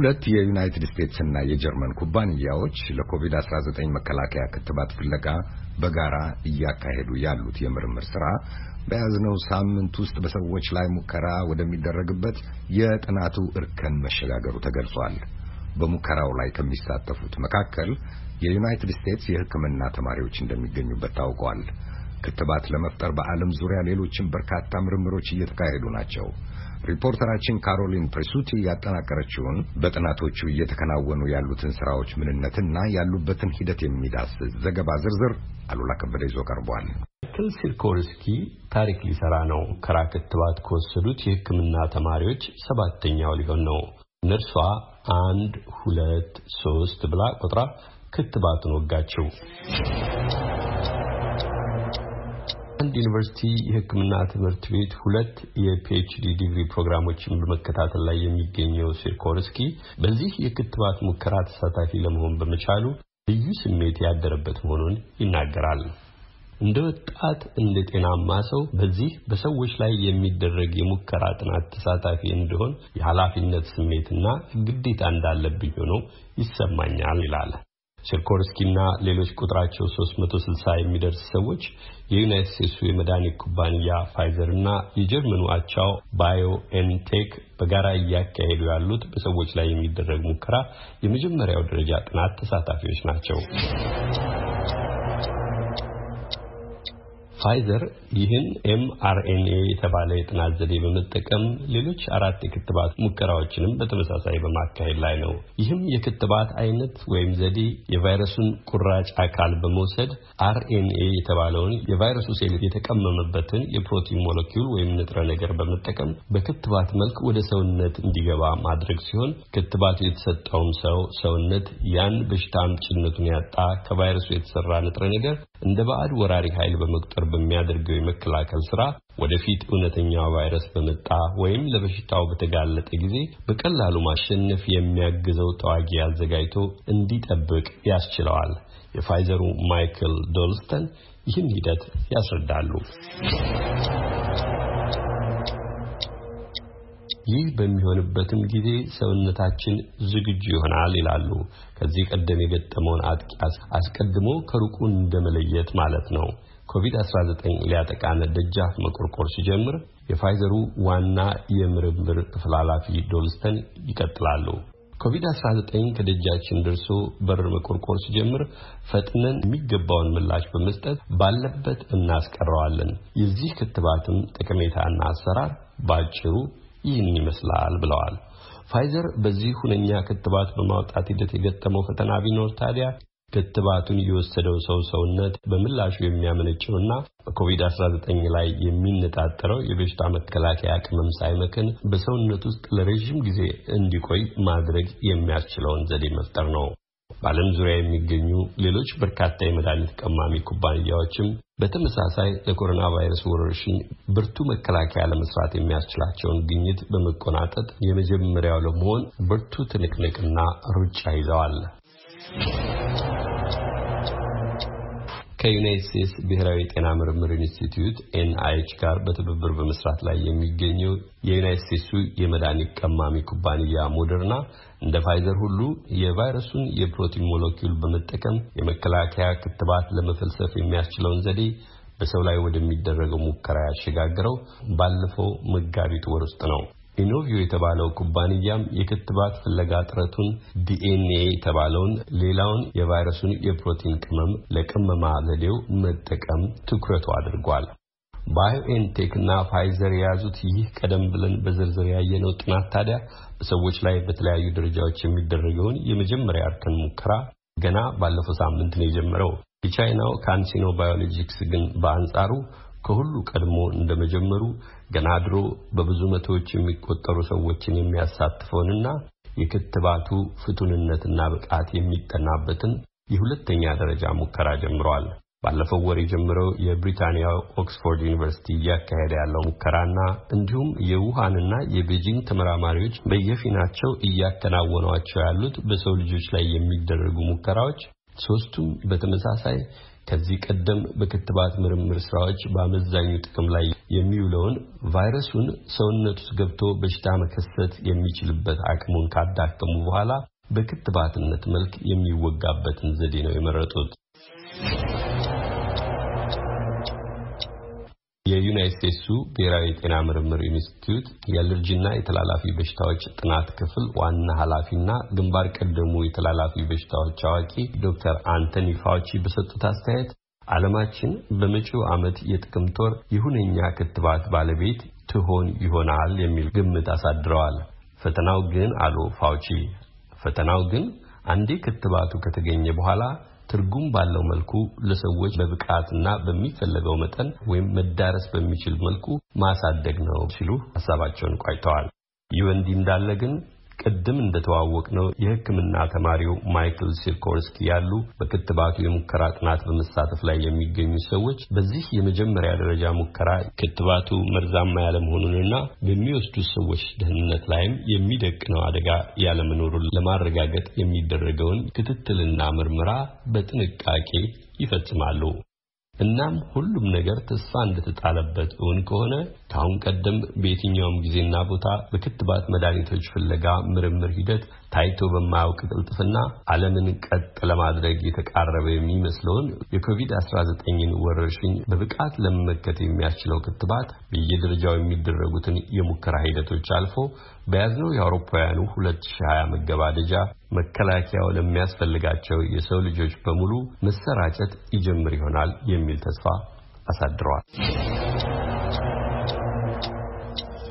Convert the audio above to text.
ሁለት የዩናይትድ እና የጀርመን ኩባንያዎች ለኮቪድ-19 መከላከያ ክትባት ፍለጋ በጋራ እያካሄዱ ያሉት የምርምር ስራ በያዝነው ሳምንት ውስጥ በሰዎች ላይ ሙከራ ወደሚደረግበት የጥናቱ እርከን መሸጋገሩ ተገልጿል። በሙከራው ላይ ከሚሳተፉት መካከል የዩናይትድ ስቴትስ የሕክምና ተማሪዎች እንደሚገኙበት ታውቋል። ክትባት ለመፍጠር በዓለም ዙሪያ ሌሎችም በርካታ ምርምሮች እየተካሄዱ ናቸው። ሪፖርተራችን ካሮሊን ፕሬሱቲ ያጠናቀረችውን በጥናቶቹ እየተከናወኑ ያሉትን ስራዎች ምንነትና ያሉበትን ሂደት የሚዳስ ዘገባ ዝርዝር አሉላ ከበደ ይዞ ቀርቧል። ማይክል ሲርኮርስኪ ታሪክ ሊሰራ ነው። ከራስ ክትባት ከወሰዱት የሕክምና ተማሪዎች ሰባተኛው ሊሆን ነው። ነርሷ አንድ ሁለት ሶስት ብላ ቆጥራ ክትባቱን ወጋቸው። አንድ ዩኒቨርሲቲ የሕክምና ትምህርት ቤት ሁለት የፒኤችዲ ዲግሪ ፕሮግራሞችን በመከታተል ላይ የሚገኘው ሲርኮርስኪ በዚህ የክትባት ሙከራ ተሳታፊ ለመሆን በመቻሉ ልዩ ስሜት ያደረበት መሆኑን ይናገራል። እንደ ወጣት እንደ ጤናማ ሰው በዚህ በሰዎች ላይ የሚደረግ የሙከራ ጥናት ተሳታፊ እንደሆን የኃላፊነት ስሜትና ግዴታ እንዳለብኝ ሆኖ ይሰማኛል ይላል። ሸርኮርስኪና ሌሎች ቁጥራቸው 360 የሚደርስ ሰዎች የዩናይት ስቴትሱ የመድኃኒት ኩባንያ ፋይዘር እና የጀርመኑ አቻው ባዮ ኤንቴክ በጋራ እያካሄዱ ያሉት በሰዎች ላይ የሚደረግ ሙከራ የመጀመሪያው ደረጃ ጥናት ተሳታፊዎች ናቸው። ፋይዘር ይህን ኤምአርኤንኤ የተባለ የጥናት ዘዴ በመጠቀም ሌሎች አራት የክትባት ሙከራዎችንም በተመሳሳይ በማካሄድ ላይ ነው። ይህም የክትባት አይነት ወይም ዘዴ የቫይረሱን ቁራጭ አካል በመውሰድ አርኤንኤ የተባለውን የቫይረሱ ሴል የተቀመመበትን የፕሮቲን ሞለኪውል ወይም ንጥረ ነገር በመጠቀም በክትባት መልክ ወደ ሰውነት እንዲገባ ማድረግ ሲሆን ክትባቱ የተሰጠውም ሰው ሰውነት ያን በሽታ አምጪነቱን ያጣ ከቫይረሱ የተሰራ ንጥረ ነገር እንደ ባዕድ ወራሪ ኃይል በመቁጠር በሚያደርገው የመከላከል ስራ ወደፊት እውነተኛ ቫይረስ በመጣ ወይም ለበሽታው በተጋለጠ ጊዜ በቀላሉ ማሸነፍ የሚያግዘው ተዋጊ አዘጋጅቶ እንዲጠብቅ ያስችለዋል። የፋይዘሩ ማይክል ዶልስተን ይህን ሂደት ያስረዳሉ። ይህ በሚሆንበትም ጊዜ ሰውነታችን ዝግጁ ይሆናል ይላሉ። ከዚህ ቀደም የገጠመውን አጥቂ አስቀድሞ ከሩቁ እንደመለየት ማለት ነው። ኮቪድ-19 ሊያጠቃን ደጃፍ መቆርቆር ሲጀምር የፋይዘሩ ዋና የምርምር ክፍል ኃላፊ ዶልስተን ይቀጥላሉ። ኮቪድ-19 ከደጃችን ደርሶ በር መቆርቆር ሲጀምር ፈጥነን የሚገባውን ምላሽ በመስጠት ባለበት እናስቀረዋለን። የዚህ ክትባትም ጠቀሜታና አሰራር ባጭሩ ይህን ይመስላል ብለዋል። ፋይዘር በዚህ ሁነኛ ክትባት በማውጣት ሂደት የገጠመው ፈተና ቢኖር ታዲያ ክትባቱን የወሰደው ሰው ሰውነት በምላሹ የሚያመነጨውና በኮቪድ-19 ላይ የሚነጣጠረው የበሽታ መከላከያ ቅመም ሳይመክን በሰውነት ውስጥ ለረዥም ጊዜ እንዲቆይ ማድረግ የሚያስችለውን ዘዴ መፍጠር ነው። በዓለም ዙሪያ የሚገኙ ሌሎች በርካታ የመድኃኒት ቀማሚ ኩባንያዎችም በተመሳሳይ ለኮሮና ቫይረስ ወረርሽኝ ብርቱ መከላከያ ለመስራት የሚያስችላቸውን ግኝት በመቆናጠጥ የመጀመሪያው ለመሆን ብርቱ ትንቅንቅና ሩጫ ይዘዋል። ከዩናይት ስቴትስ ብሔራዊ የጤና ምርምር ኢንስቲትዩት ኤንአይች ጋር በትብብር በመስራት ላይ የሚገኘው የዩናይት ስቴትሱ የመድኃኒት ቀማሚ ኩባንያ ሞደርና እንደ ፋይዘር ሁሉ የቫይረሱን የፕሮቲን ሞለኪውል በመጠቀም የመከላከያ ክትባት ለመፈልሰፍ የሚያስችለውን ዘዴ በሰው ላይ ወደሚደረገው ሙከራ ያሸጋግረው ባለፈው መጋቢት ወር ውስጥ ነው። ኢኖቪዮ የተባለው ኩባንያም የክትባት ፍለጋ ጥረቱን ዲኤንኤ የተባለውን ሌላውን የቫይረሱን የፕሮቲን ቅመም ለቅመማ ዘዴው መጠቀም ትኩረቱ አድርጓል። ባዮኤንቴክ እና ፋይዘር የያዙት ይህ ቀደም ብለን በዝርዝር ያየነው ጥናት ታዲያ በሰዎች ላይ በተለያዩ ደረጃዎች የሚደረገውን የመጀመሪያ እርከን ሙከራ ገና ባለፈው ሳምንት ነው የጀመረው። የቻይናው ካንሲኖ ባዮሎጂክስ ግን በአንጻሩ ከሁሉ ቀድሞ እንደመጀመሩ ገና ድሮ በብዙ መቶዎች የሚቆጠሩ ሰዎችን የሚያሳትፈውንና የክትባቱ ፍቱንነትና ብቃት የሚጠናበትን የሁለተኛ ደረጃ ሙከራ ጀምሯል። ባለፈው ወር የጀመረው የብሪታንያ ኦክስፎርድ ዩኒቨርሲቲ እያካሄደ ያለው ሙከራና እንዲሁም የውሃንና የቤጂንግ ተመራማሪዎች በየፊናቸው እያከናወኗቸው ያሉት በሰው ልጆች ላይ የሚደረጉ ሙከራዎች ሶስቱም በተመሳሳይ ከዚህ ቀደም በክትባት ምርምር ስራዎች በአመዛኙ ጥቅም ላይ የሚውለውን ቫይረሱን ሰውነት ውስጥ ገብቶ በሽታ መከሰት የሚችልበት አቅሙን ካዳከሙ በኋላ በክትባትነት መልክ የሚወጋበትን ዘዴ ነው የመረጡት። የዩናይት ስቴትሱ ብሔራዊ የጤና ምርምር ኢንስቲትዩት የአለርጂና የተላላፊ በሽታዎች ጥናት ክፍል ዋና ኃላፊና ግንባር ቀደሙ የተላላፊ በሽታዎች አዋቂ ዶክተር አንቶኒ ፋውቺ በሰጡት አስተያየት ዓለማችን በመጪው ዓመት የጥቅምት ወር ይሁነኛ ክትባት ባለቤት ትሆን ይሆናል የሚል ግምት አሳድረዋል። ፈተናው ግን አሉ ፋውቺ፣ ፈተናው ግን አንዴ ክትባቱ ከተገኘ በኋላ ትርጉም ባለው መልኩ ለሰዎች በብቃትና በሚፈለገው መጠን ወይም መዳረስ በሚችል መልኩ ማሳደግ ነው ሲሉ ሀሳባቸውን ቋጭተዋል። ይህ እንዲህ እንዳለ ግን ቅድም እንደተዋወቅ ነው የሕክምና ተማሪው ማይክል ሲርኮርስኪ ያሉ በክትባቱ የሙከራ ጥናት በመሳተፍ ላይ የሚገኙ ሰዎች በዚህ የመጀመሪያ ደረጃ ሙከራ ክትባቱ መርዛማ ያለመሆኑንና በሚወስዱ ሰዎች ደህንነት ላይም የሚደቅነው አደጋ ያለመኖሩን ለማረጋገጥ የሚደረገውን ክትትልና ምርመራ በጥንቃቄ ይፈጽማሉ። እናም ሁሉም ነገር ተስፋ እንደተጣለበት እውን ከሆነ ከአሁን ቀደም በየትኛውም ጊዜና ቦታ በክትባት መድኃኒቶች ፍለጋ ምርምር ሂደት ታይቶ በማያውቅ ቅልጥፍና ዓለምን ቀጥ ለማድረግ የተቃረበ የሚመስለውን የኮቪድ-19ን ወረርሽኝ በብቃት ለመመከት የሚያስችለው ክትባት በየደረጃው የሚደረጉትን የሙከራ ሂደቶች አልፎ በያዝነው የአውሮፓውያኑ 2020 መገባደጃ መከላከያው ለሚያስፈልጋቸው የሰው ልጆች በሙሉ መሰራጨት ይጀምር ይሆናል የሚል ተስፋ አሳድረዋል።